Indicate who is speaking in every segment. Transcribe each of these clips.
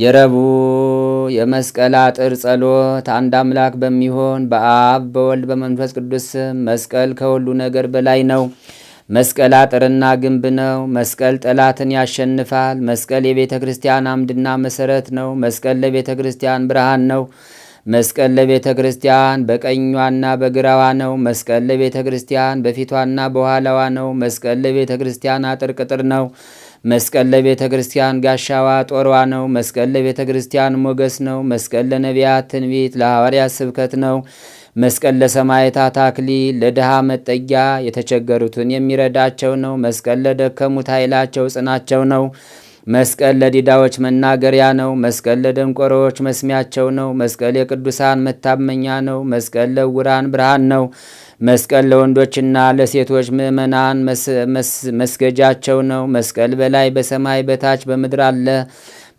Speaker 1: የረቡዕ የመስቀል አጥር ጸሎት። አንድ አምላክ በሚሆን በአብ በወልድ በመንፈስ ቅዱስ ስም። መስቀል ከሁሉ ነገር በላይ ነው። መስቀል አጥርና ግንብ ነው። መስቀል ጠላትን ያሸንፋል። መስቀል የቤተ ክርስቲያን አምድና መሰረት ነው። መስቀል ለቤተ ክርስቲያን ብርሃን ነው። መስቀል ለቤተ ክርስቲያን በቀኟና በግራዋ ነው። መስቀል ለቤተ ክርስቲያን በፊቷና በኋላዋ ነው። መስቀል ለቤተ ክርስቲያን አጥር ቅጥር ነው። መስቀል ለቤተ ክርስቲያን ጋሻዋ ጦርዋ ነው። መስቀል ለቤተ ክርስቲያን ሞገስ ነው። መስቀል ለነቢያት ትንቢት፣ ለሐዋርያት ስብከት ነው። መስቀል ለሰማዕታት አክሊል፣ ለድሃ መጠጊያ፣ የተቸገሩትን የሚረዳቸው ነው። መስቀል ለደከሙት ኃይላቸው ጽናቸው ነው። መስቀል ለዲዳዎች መናገሪያ ነው። መስቀል ለደንቆሮዎች መስሚያቸው ነው። መስቀል የቅዱሳን መታመኛ ነው። መስቀል ለውራን ብርሃን ነው። መስቀል ለወንዶችና ለሴቶች ምእመናን መስገጃቸው ነው። መስቀል በላይ በሰማይ በታች በምድር አለ።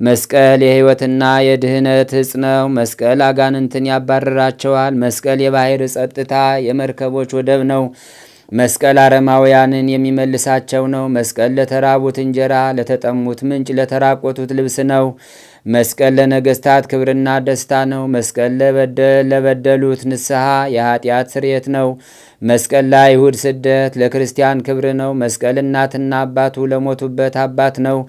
Speaker 1: መስቀል የሕይወትና የድህነት ዕጽ ነው። መስቀል አጋንንትን ያባረራቸዋል። መስቀል የባህር ጸጥታ፣ የመርከቦች ወደብ ነው። መስቀል አረማውያንን የሚመልሳቸው ነው። መስቀል ለተራቡት እንጀራ፣ ለተጠሙት ምንጭ፣ ለተራቆቱት ልብስ ነው። መስቀል ለነገስታት ክብርና ደስታ ነው። መስቀል ለበደሉት ንስሐ፣ የኃጢአት ስርየት ነው። መስቀል ለአይሁድ ስደት፣ ለክርስቲያን ክብር ነው። መስቀል እናትና አባቱ ለሞቱበት አባት ነው።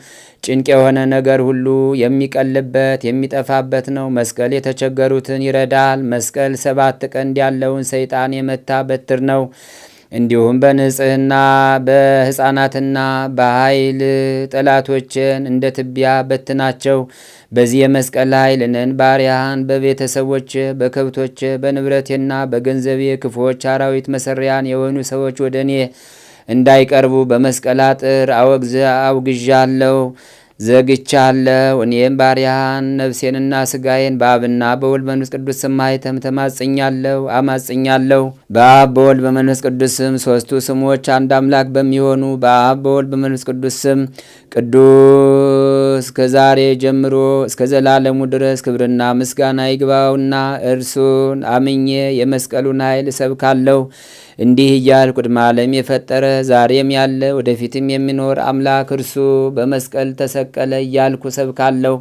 Speaker 1: ጭንቅ የሆነ ነገር ሁሉ የሚቀልበት የሚጠፋበት ነው። መስቀል የተቸገሩትን ይረዳል። መስቀል ሰባት ቀንድ ያለውን ሰይጣን የመታ በትር ነው። እንዲሁም በንጽህና በሕፃናትና በኃይል ጠላቶችን እንደ ትቢያ በትናቸው። በዚህ የመስቀል ኃይል ነን ባርያህን በቤተሰቦች በከብቶች በንብረቴና በገንዘቤ ክፉዎች አራዊት መሰሪያን የሆኑ ሰዎች ወደ እኔ እንዳይቀርቡ በመስቀል አጥር አወግዝ አውግዣለሁ። ዘግቻለሁ። እኔም ባሪያን ነፍሴንና ስጋዬን በአብና በወልድ በመንፈስ ቅዱስ ስም ማኅተም ተማጽኛለሁ አማጽኛለሁ። በአብ በወልድ በመንፈስ ቅዱስ ስም ሦስቱ ስሞች አንድ አምላክ በሚሆኑ በአብ በወልድ በመንፈስ ቅዱስ ስም ቅዱስ እስከ ዛሬ ጀምሮ እስከ ዘላለሙ ድረስ ክብርና ምስጋና ይግባውና እርሱን አምኜ የመስቀሉን ኃይል እሰብካለሁ። እንዲህ እያል ቅድመ ዓለም የፈጠረ ዛሬም ያለ ወደፊትም የሚኖር አምላክ እርሱ በመስቀል ተሰቀለ እያልኩ እሰብካለሁ።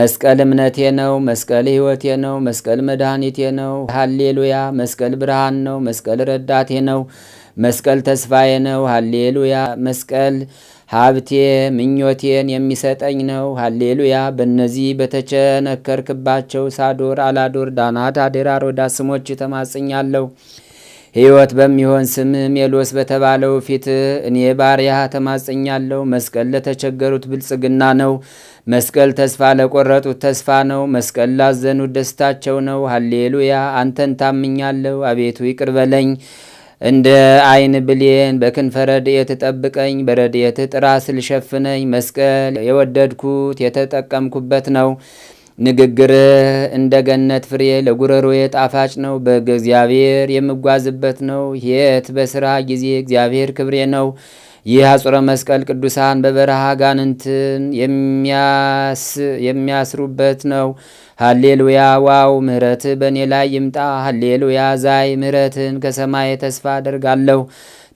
Speaker 1: መስቀል እምነቴ ነው። መስቀል ሕይወቴ ነው። መስቀል መድኃኒቴ ነው። ሃሌሉያ። መስቀል ብርሃን ነው። መስቀል ረዳቴ ነው። መስቀል ተስፋዬ ነው። ሃሌሉያ። መስቀል ሀብቴ ምኞቴን የሚሰጠኝ ነው። ሀሌሉያ። በእነዚህ በተቸነከርክባቸው ሳዶር፣ አላዶር፣ ዳናት፣ አዴራ፣ ሮዳ ስሞች ተማጽኛለሁ። ሕይወት በሚሆን ስም ሜሎስ በተባለው ፊት እኔ ባሪያህ ተማጽኛለሁ። መስቀል ለተቸገሩት ብልጽግና ነው። መስቀል ተስፋ ለቆረጡት ተስፋ ነው። መስቀል ላዘኑት ደስታቸው ነው። ሀሌሉያ። አንተን ታምኛለሁ። አቤቱ ይቅር በለኝ እንደ አይን ብሌን በክንፈ ረድኤት ጠብቀኝ፣ በረድኤትህ ጥራ ስልሸፍነኝ። መስቀል የወደድኩት የተጠቀምኩበት ነው። ንግግርህ እንደ ገነት ፍሬ ለጉረሮዬ ጣፋጭ ነው። በግ እግዚአብሔር የምጓዝበት ነው። የት በስራ ጊዜ እግዚአብሔር ክብሬ ነው። ይህ አጹረ መስቀል ቅዱሳን በበረሃ ጋንንትን የሚያስሩበት ነው። ሃሌሉያ ዋው ምህረት በእኔ ላይ ይምጣ። ሃሌሉያ ዛይ ምህረትን ከሰማይ ተስፋ አደርጋለሁ።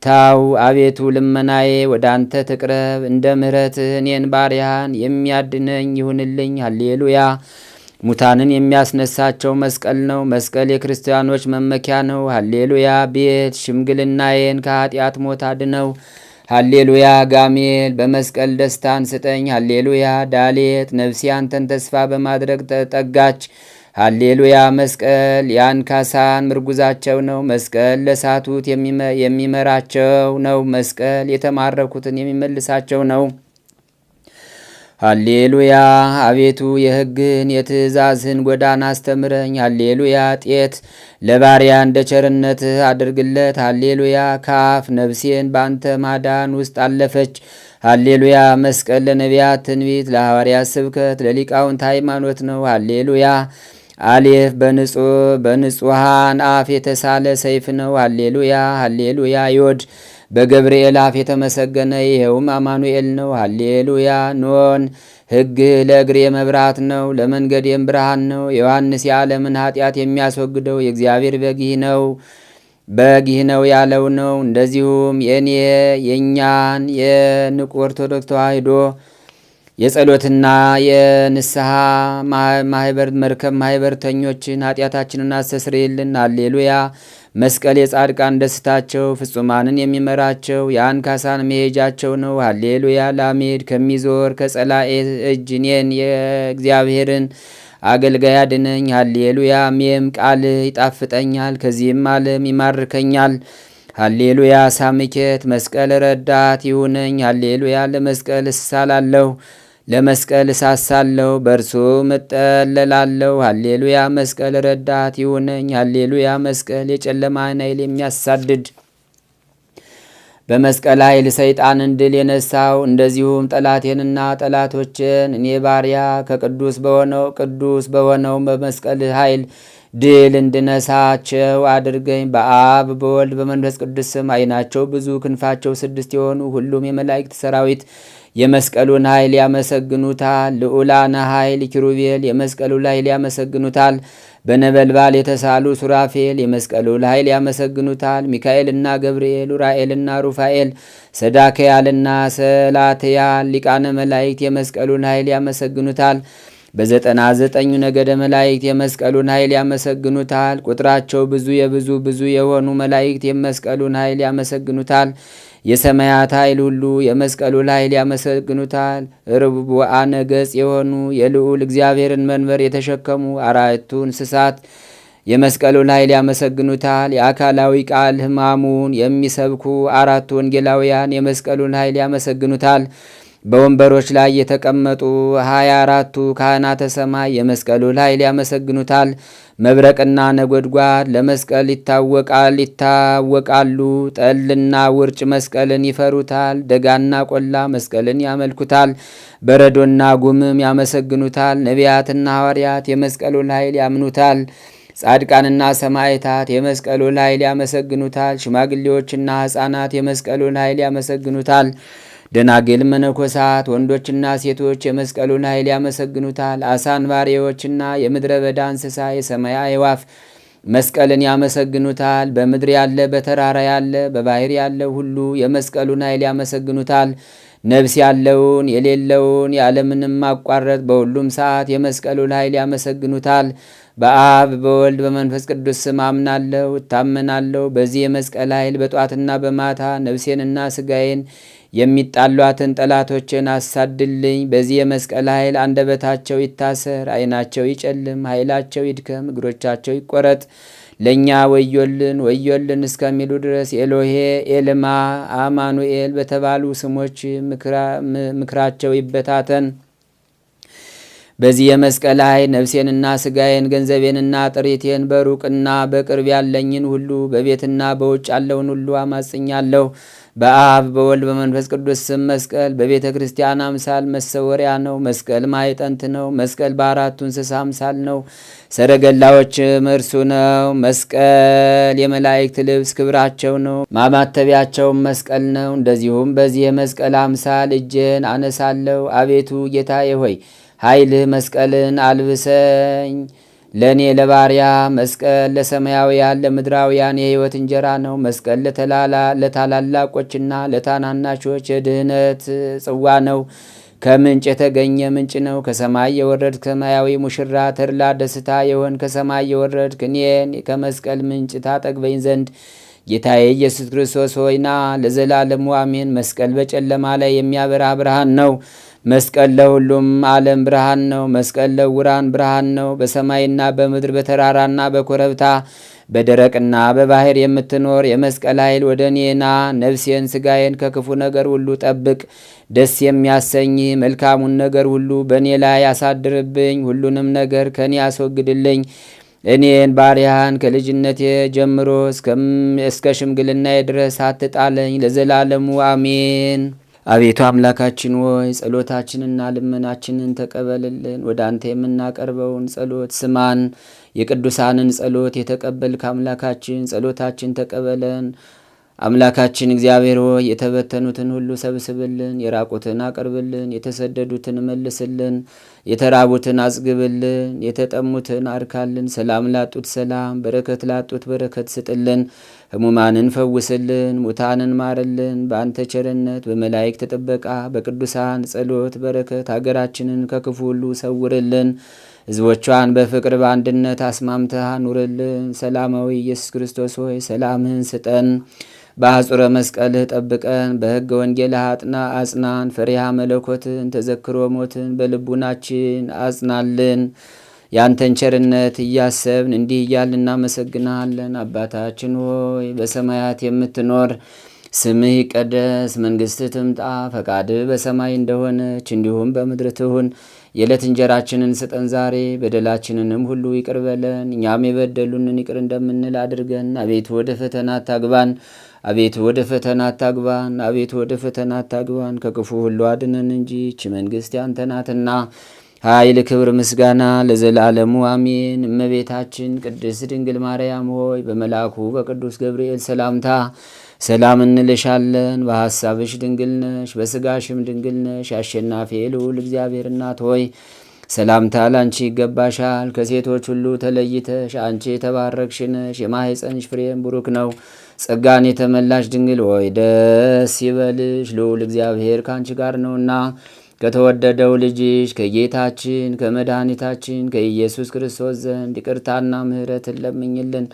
Speaker 1: ታው አቤቱ ልመናዬ ወደ አንተ ትቅረብ። እንደ ምህረትህ እኔን ባሪያህን የሚያድነኝ ይሁንልኝ። ሃሌሉያ ሙታንን የሚያስነሳቸው መስቀል ነው። መስቀል የክርስቲያኖች መመኪያ ነው። ሃሌሉያ ቤት ሽምግልናዬን ከኃጢአት ሞት አድነው። ሃሌሉያ ጋሜል በመስቀል ደስታን ስጠኝ። ሃሌሉያ ዳሌት ነፍሴ አንተን ተስፋ በማድረግ ተጠጋች። ሃሌሉያ መስቀል የአንካሳን ምርጉዛቸው ነው። መስቀል ለሳቱት የሚመራቸው ነው። መስቀል የተማረኩትን የሚመልሳቸው ነው። ሃሌሉያ አቤቱ የሕግህን የትእዛዝህን ጎዳና አስተምረኝ። ሃሌሉያ ጤት ለባሪያ እንደ ቸርነትህ አድርግለት። ሃሌሉያ ካፍ ነፍሴን በአንተ ማዳን ውስጥ አለፈች። ሃሌሉያ መስቀል ለነቢያት ትንቢት፣ ለሐዋርያት ስብከት፣ ለሊቃውንት ሃይማኖት ነው። ሃሌሉያ አሌፍ በንጹህ በንጹሐን አፍ የተሳለ ሰይፍ ነው። ሃሌሉያ ሃሌሉያ ዮድ በገብርኤል አፍ የተመሰገነ ይኸውም አማኑኤል ነው። ሃሌሉያ ኖን ሕግህ ለእግሬ መብራት ነው፣ ለመንገዴም ብርሃን ነው። ዮሐንስ የዓለምን ኃጢአት የሚያስወግደው የእግዚአብሔር በጊህ ነው በጊህ ነው ያለው ነው። እንደዚሁም የእኔ የእኛን የንቁ ኦርቶዶክስ ተዋሕዶ የጸሎትና የንስሐ ማህበር መርከብ ማህበርተኞችን ኃጢአታችንን አስተስርይልን። አሌሉያ መስቀል የጻድቃን ደስታቸው፣ ፍጹማንን የሚመራቸው የአንካሳን መሄጃቸው ነው። ሀሌሉያ ላሜድ ከሚዞር ከጸላኤ እጅ እኔን የእግዚአብሔርን አገልጋይ አድነኝ። ሀሌሉያ ሜም ቃል ይጣፍጠኛል፣ ከዚህም ዓለም ይማርከኛል። ሀሌሉያ ሳምኬት መስቀል ረዳት ይሁነኝ። ሀሌሉያ ለመስቀል እሳላለሁ። ለመስቀል እሳሳለሁ፣ በእርሱም እጠለላለሁ። ሀሌሉያ መስቀል ረዳት ይሁነኝ። ሀሌሉያ መስቀል የጨለማን ኃይል የሚያሳድድ በመስቀል ኃይል ሰይጣንን ድል የነሳው እንደዚሁም ጠላቴንና ጠላቶችን እኔ ባሪያ ከቅዱስ በሆነው ቅዱስ በሆነው በመስቀል ኃይል ድል እንድነሳቸው አድርገኝ። በአብ በወልድ በመንፈስ ቅዱስ ስም። ዓይናቸው ብዙ ክንፋቸው ስድስት የሆኑ ሁሉም የመላእክት ሰራዊት የመስቀሉን ኃይል ያመሰግኑታል። ልዑላነ ኃይል ኪሩቤል የመስቀሉን ኃይል ያመሰግኑታል። በነበልባል የተሳሉ ሱራፌል የመስቀሉን ኃይል ያመሰግኑታል። ሚካኤልና ገብርኤል ኡራኤልና ሩፋኤል ሰዳከያልና ሰላትያል ሊቃነ መላእክት የመስቀሉን ኃይል ያመሰግኑታል። በዘጠና ዘጠኙ ነገደ መላእክት የመስቀሉን ኃይል ያመሰግኑታል። ቁጥራቸው ብዙ የብዙ ብዙ የሆኑ መላእክት የመስቀሉን ኃይል ያመሰግኑታል። የሰማያት ኃይል ሁሉ የመስቀሉን ኃይል ያመሰግኑታል። ርቡአ ነገጽ የሆኑ የልዑል እግዚአብሔርን መንበር የተሸከሙ አራቱ እንስሳት የመስቀሉን ኃይል ያመሰግኑታል። የአካላዊ ቃል ሕማሙን የሚሰብኩ አራቱ ወንጌላውያን የመስቀሉን ኃይል ያመሰግኑታል። በወንበሮች ላይ የተቀመጡ ሀያ አራቱ ካህናተ ሰማይ የመስቀሉ ኃይል ያመሰግኑታል። መብረቅና ነጎድጓድ ለመስቀል ይታወቃል ይታወቃሉ። ጠልና ውርጭ መስቀልን ይፈሩታል። ደጋና ቆላ መስቀልን ያመልኩታል። በረዶና ጉምም ያመሰግኑታል። ነቢያትና ሐዋርያት የመስቀሉን ኃይል ያምኑታል። ጻድቃንና ሰማዕታት የመስቀሉን ኃይል ያመሰግኑታል። ሽማግሌዎችና ሕፃናት የመስቀሉን ኃይል ያመሰግኑታል። ደናግል መነኮሳት፣ ወንዶችና ሴቶች የመስቀሉን ኃይል ያመሰግኑታል። አሳ አንባሪዎችና የምድረ በዳ እንስሳ፣ የሰማይ አዕዋፍ መስቀልን ያመሰግኑታል። በምድር ያለ፣ በተራራ ያለ፣ በባህር ያለ ሁሉ የመስቀሉን ኃይል ያመሰግኑታል። ነፍስ ያለውን የሌለውን፣ የዓለምንም ማቋረጥ በሁሉም ሰዓት የመስቀሉን ኃይል ያመሰግኑታል። በአብ በወልድ በመንፈስ ቅዱስ ስም አምናለሁ፣ እታመናለሁ። በዚህ የመስቀል ኃይል በጧትና በማታ ነፍሴንና ስጋዬን የሚጣሏትን ጠላቶችን አሳድልኝ። በዚህ የመስቀል ኃይል አንደበታቸው ይታሰር፣ ዓይናቸው ይጨልም፣ ኃይላቸው ይድከም፣ እግሮቻቸው ይቆረጥ፣ ለእኛ ወዮልን ወዮልን እስከሚሉ ድረስ ኤሎሄ ኤልማ አማኑኤል በተባሉ ስሞች ምክራቸው ይበታተን። በዚህ የመስቀል ላይ ነፍሴንና ስጋዬን ገንዘቤንና ጥሪቴን በሩቅና በቅርብ ያለኝን ሁሉ በቤትና በውጭ ያለውን ሁሉ አማጽኛለሁ። በአብ በወልድ በመንፈስ ቅዱስ ስም መስቀል በቤተ ክርስቲያን አምሳል መሰወሪያ ነው። መስቀል ማዕጠንት ነው። መስቀል በአራቱ እንስሳ አምሳል ነው። ሰረገላዎችም እርሱ ነው። መስቀል የመላእክት ልብስ ክብራቸው ነው። ማማተቢያቸውም መስቀል ነው። እንደዚሁም በዚህ የመስቀል አምሳል እጄን አነሳለሁ። አቤቱ ጌታዬ ሆይ ኃይልህ መስቀልን አልብሰኝ። ለእኔ ለባሪያ መስቀል ለሰማያውያን ለምድራውያን የሕይወት እንጀራ ነው። መስቀል ለታላላቆችና ለታናናሾች የድህነት ጽዋ ነው። ከምንጭ የተገኘ ምንጭ ነው። ከሰማይ የወረድ ሰማያዊ ሙሽራ ተድላ ደስታ የሆን ከሰማይ የወረድ እኔን ከመስቀል ምንጭ ታጠግበኝ ዘንድ ጌታዬ ኢየሱስ ክርስቶስ ሆይና ለዘላለሙ አሜን። መስቀል በጨለማ ላይ የሚያበራ ብርሃን ነው። መስቀል ለሁሉም ዓለም ብርሃን ነው። መስቀል ለውራን ብርሃን ነው። በሰማይና በምድር በተራራና በኮረብታ በደረቅና በባህር የምትኖር የመስቀል ኃይል ወደ እኔና ነፍሴን ስጋዬን ከክፉ ነገር ሁሉ ጠብቅ። ደስ የሚያሰኝ መልካሙን ነገር ሁሉ በእኔ ላይ አሳድርብኝ። ሁሉንም ነገር ከእኔ አስወግድልኝ። እኔን ባሪያህን ከልጅነቴ ጀምሮ እስከ ሽምግልናዬ ድረስ አትጣለኝ፣ ለዘላለሙ አሜን። አቤቱ አምላካችን ሆይ ጸሎታችንና ልመናችንን ተቀበልልን። ወደ አንተ የምናቀርበውን ጸሎት ስማን። የቅዱሳንን ጸሎት የተቀበልክ አምላካችን ጸሎታችን ተቀበለን። አምላካችን እግዚአብሔር ሆይ የተበተኑትን ሁሉ ሰብስብልን፣ የራቁትን አቅርብልን፣ የተሰደዱትን መልስልን፣ የተራቡትን አጽግብልን፣ የተጠሙትን አርካልን፣ ሰላም ላጡት ሰላም፣ በረከት ላጡት በረከት ስጥልን፣ ሕሙማንን ፈውስልን፣ ሙታንን ማርልን። በአንተ ቸርነት በመላይክ ተጠበቃ በቅዱሳን ጸሎት በረከት ሀገራችንን ከክፉ ሁሉ ሰውርልን። ህዝቦቿን በፍቅር በአንድነት አስማምተህ አኑርልን። ሰላማዊ ኢየሱስ ክርስቶስ ሆይ ሰላምህን ስጠን። በአጹረ መስቀልህ ጠብቀን፣ በሕገ ወንጌልህ አጥና አጽናን። ፈሪሃ መለኮትን ተዘክሮ ሞትን በልቡናችን አጽናልን። ያንተን ቸርነት እያሰብን እንዲህ እያል እናመሰግናለን። አባታችን ሆይ በሰማያት የምትኖር ስምህ ይቀደስ፣ መንግስትህ ትምጣ፣ ፈቃድህ በሰማይ እንደሆነች እንዲሁም በምድር ትሁን። የዕለት እንጀራችንን ስጠን ዛሬ፣ በደላችንንም ሁሉ ይቅር በለን እኛም የበደሉንን ይቅር እንደምንል አድርገን፣ አቤቱ ወደ ፈተና አታግባን አቤቱ ወደ ፈተና አታግባን፣ አቤቱ ወደ ፈተና አታግባን፣ ከክፉ ሁሉ አድነን እንጂ ይህች መንግስት ያንተ ናትና ኃይል፣ ክብር፣ ምስጋና ለዘላለሙ አሜን። እመቤታችን ቅድስት ድንግል ማርያም ሆይ በመልአኩ በቅዱስ ገብርኤል ሰላምታ ሰላም እንልሻለን። በሐሳብሽ ድንግል ነሽ፣ በስጋሽም ድንግል ነሽ። አሸናፊ ልዑል እግዚአብሔር እናት ሆይ ሰላምታ ላንቺ ይገባሻል። ከሴቶች ሁሉ ተለይተሽ አንቺ የተባረክሽ ነሽ። የማኅፀንሽ ፍሬም ቡሩክ ነው። ጸጋን የተመላሽ ድንግል ሆይ ደስ ይበልሽ፣ ልዑል እግዚአብሔር ከአንቺ ጋር ነውና ከተወደደው ልጅሽ ከጌታችን ከመድኃኒታችን ከኢየሱስ ክርስቶስ ዘንድ ይቅርታና ምሕረትን ለምኝልን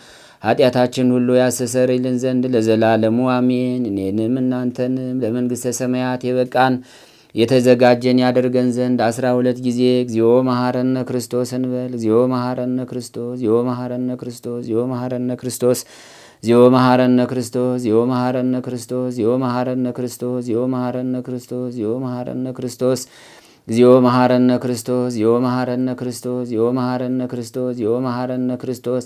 Speaker 1: ኃጢአታችን ሁሉ ያስተሰርይልን ዘንድ ለዘላለሙ አሜን። እኔንም እናንተንም ለመንግሥተ ሰማያት የበቃን የተዘጋጀን ያደርገን ዘንድ አስራ ሁለት ጊዜ እግዚኦ መሐረነ ክርስቶስ እንበል። እግዚኦ መሐረነ ክርስቶስ፣ እግዚኦ መሐረነ ክርስቶስ፣ እግዚኦ መሐረነ ክርስቶስ ዚዮ መሐረነ ክርስቶስ ዚዮ መሐረነ ክርስቶስ ዚዮ መሐረነ ክርስቶስ ዚዮ መሐረነ ክርስቶስ ዚዮ መሐረነ ክርስቶስ እግዚኦ መሐረነ ክርስቶስ ዚኦ መሐረነ ክርስቶስ ዚኦ መሐረነ ክርስቶስ ዚኦ መሐረነ ክርስቶስ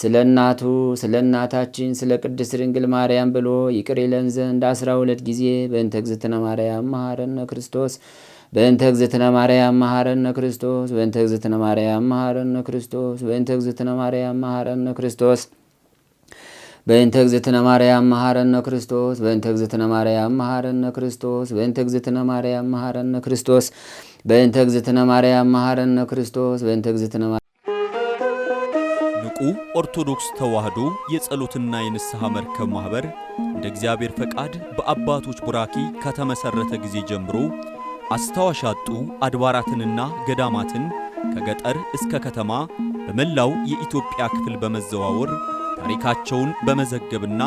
Speaker 1: ስለ እናቱ ስለ እናታችን ስለ ቅድስት ድንግል ማርያም ብሎ ይቅር ይለን ዘንድ አስራ ሁለት ጊዜ በእንተ እግዝእትነ ማርያም መሐረነ ክርስቶስ በእንተ እግዝእትነ ማርያም መሐረነ ክርስቶስ በእንተ እግዝእትነ ማርያም መሐረነ ክርስቶስ በእንተ እግዝእትነ ማርያም መሐረነ ክርስቶስ በእንተ እግዝእትነ ማርያም መሐረነ ክርስቶስ በእንተ እግዝእትነ ማርያም መሐረነ ክርስቶስ በእንተ እግዝእትነ ማርያም መሐረነ ክርስቶስ በእንተ እግዝእትነ ማርያም መሐረነ ክርስቶስ በእንተ እግዝእትነ
Speaker 2: ንቁ ኦርቶዶክስ ተዋህዶ የጸሎትና የንስሐ መርከብ ማኅበር እንደ እግዚአብሔር ፈቃድ በአባቶች ቡራኪ ከተመሠረተ ጊዜ ጀምሮ አስታዋሽ ያጡ አድባራትንና ገዳማትን ከገጠር እስከ ከተማ በመላው የኢትዮጵያ ክፍል በመዘዋወር ታሪካቸውን በመዘገብና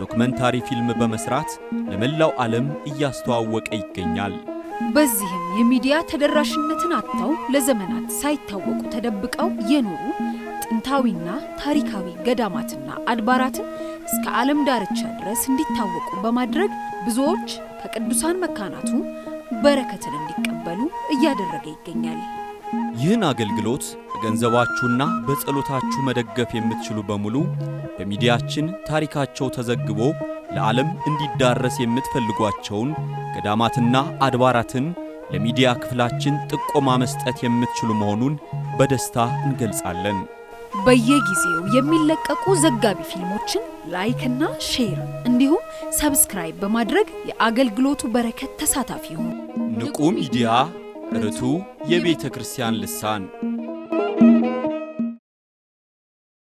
Speaker 2: ዶክመንታሪ ፊልም በመስራት ለመላው ዓለም እያስተዋወቀ ይገኛል።
Speaker 3: በዚህም የሚዲያ ተደራሽነትን አጥተው ለዘመናት ሳይታወቁ ተደብቀው የኖሩ ጥንታዊና ታሪካዊ ገዳማትና አድባራትን እስከ ዓለም ዳርቻ ድረስ እንዲታወቁ በማድረግ ብዙዎች ከቅዱሳን መካናቱ በረከትን እንዲቀበሉ እያደረገ ይገኛል።
Speaker 2: ይህን አገልግሎት ገንዘባችሁና በጸሎታችሁ መደገፍ የምትችሉ በሙሉ በሚዲያችን ታሪካቸው ተዘግቦ ለዓለም እንዲዳረስ የምትፈልጓቸውን ገዳማትና አድባራትን ለሚዲያ ክፍላችን ጥቆማ መስጠት የምትችሉ መሆኑን በደስታ እንገልጻለን።
Speaker 3: በየጊዜው የሚለቀቁ ዘጋቢ ፊልሞችን ላይክ እና ሼር እንዲሁም ሰብስክራይብ በማድረግ የአገልግሎቱ በረከት ተሳታፊ ይሁኑ።
Speaker 2: ንቁ ሚዲያ ርቱ የቤተ ክርስቲያን ልሳን